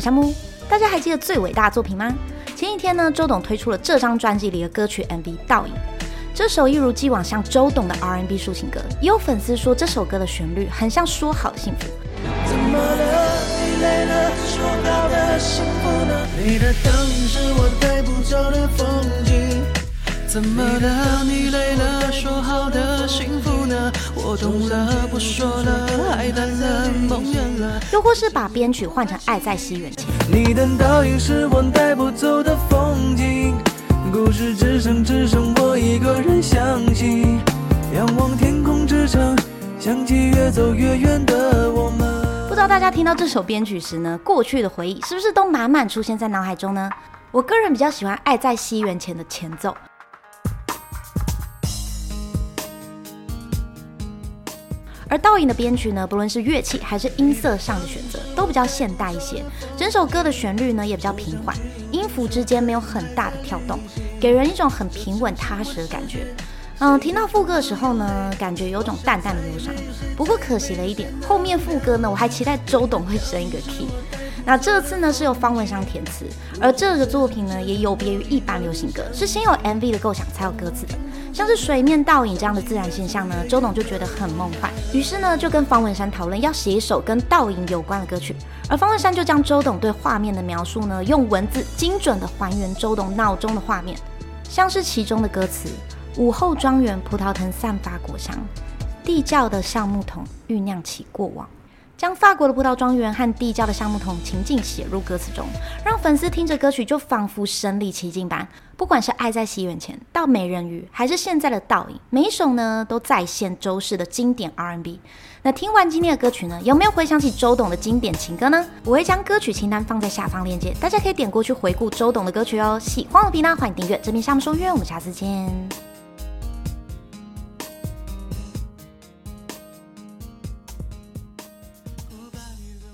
夏慕，大家還記得最偉大的作品嗎？前一天呢，周董推出了這張專輯裡的歌曲 MV 倒影，這首一如既往像周董的 R&B 抒情歌，也有粉絲說這首歌的旋律很像說好的幸福。怎麼了？你累了，說好的幸福呢？你的燈是我帶不走的風景。怎麼了？你累了，說好的幸福。又或是把編曲換成《愛在西元前》。你的倒影是我帶不走的風景，故事只剩只剩我一個人相信。仰望天空之城，想起越走越遠的我們。不知道大家聽到這首編曲時呢，過去的回憶是不是都滿滿出現在腦海中呢？我個人比較喜歡《愛在西元前》的前奏。而倒影的編曲呢，不論是樂器還是音色上的選擇，都比較現代一些。整首歌的旋律呢，也比較平緩，音符之間沒有很大的跳動，給人一種很平穩踏實的感覺。嗯，聽到副歌的時候呢，感覺有種淡淡的憂傷。不過可惜了一點，後面副歌呢，我還期待周董會升一個 key。那這次呢，是由方文山填詞，而這個作品呢，也有別於一般流行歌，是先有 MV 的構想才有歌詞的。像是水面倒影這樣的自然現象呢，周董就覺得很夢幻，於是呢，就跟方文山討論要寫一首跟倒影有關的歌曲。而方文山就將周董對畫面的描述呢，用文字精準的還原周董腦中的畫面，像是其中的歌詞。午後莊園，葡萄藤散發果香，地窖的橡木桶醞釀起過往。將法國的葡萄莊園和地窖的橡木桶情境寫入歌詞中，讓粉絲聽着歌曲就仿佛身臨其境般。不管是愛在西元前到美人魚，還是現在的倒影，每一首呢都再現周氏的經典 R&B。那聽完今天的歌曲呢，有沒有回想起周董的經典情歌呢？我會將歌曲清單放在下方鏈接，大家可以點過去回顧周董的歌曲哦。喜歡我的頻道，歡迎訂閱，這邊夏慕收音，我們下次見。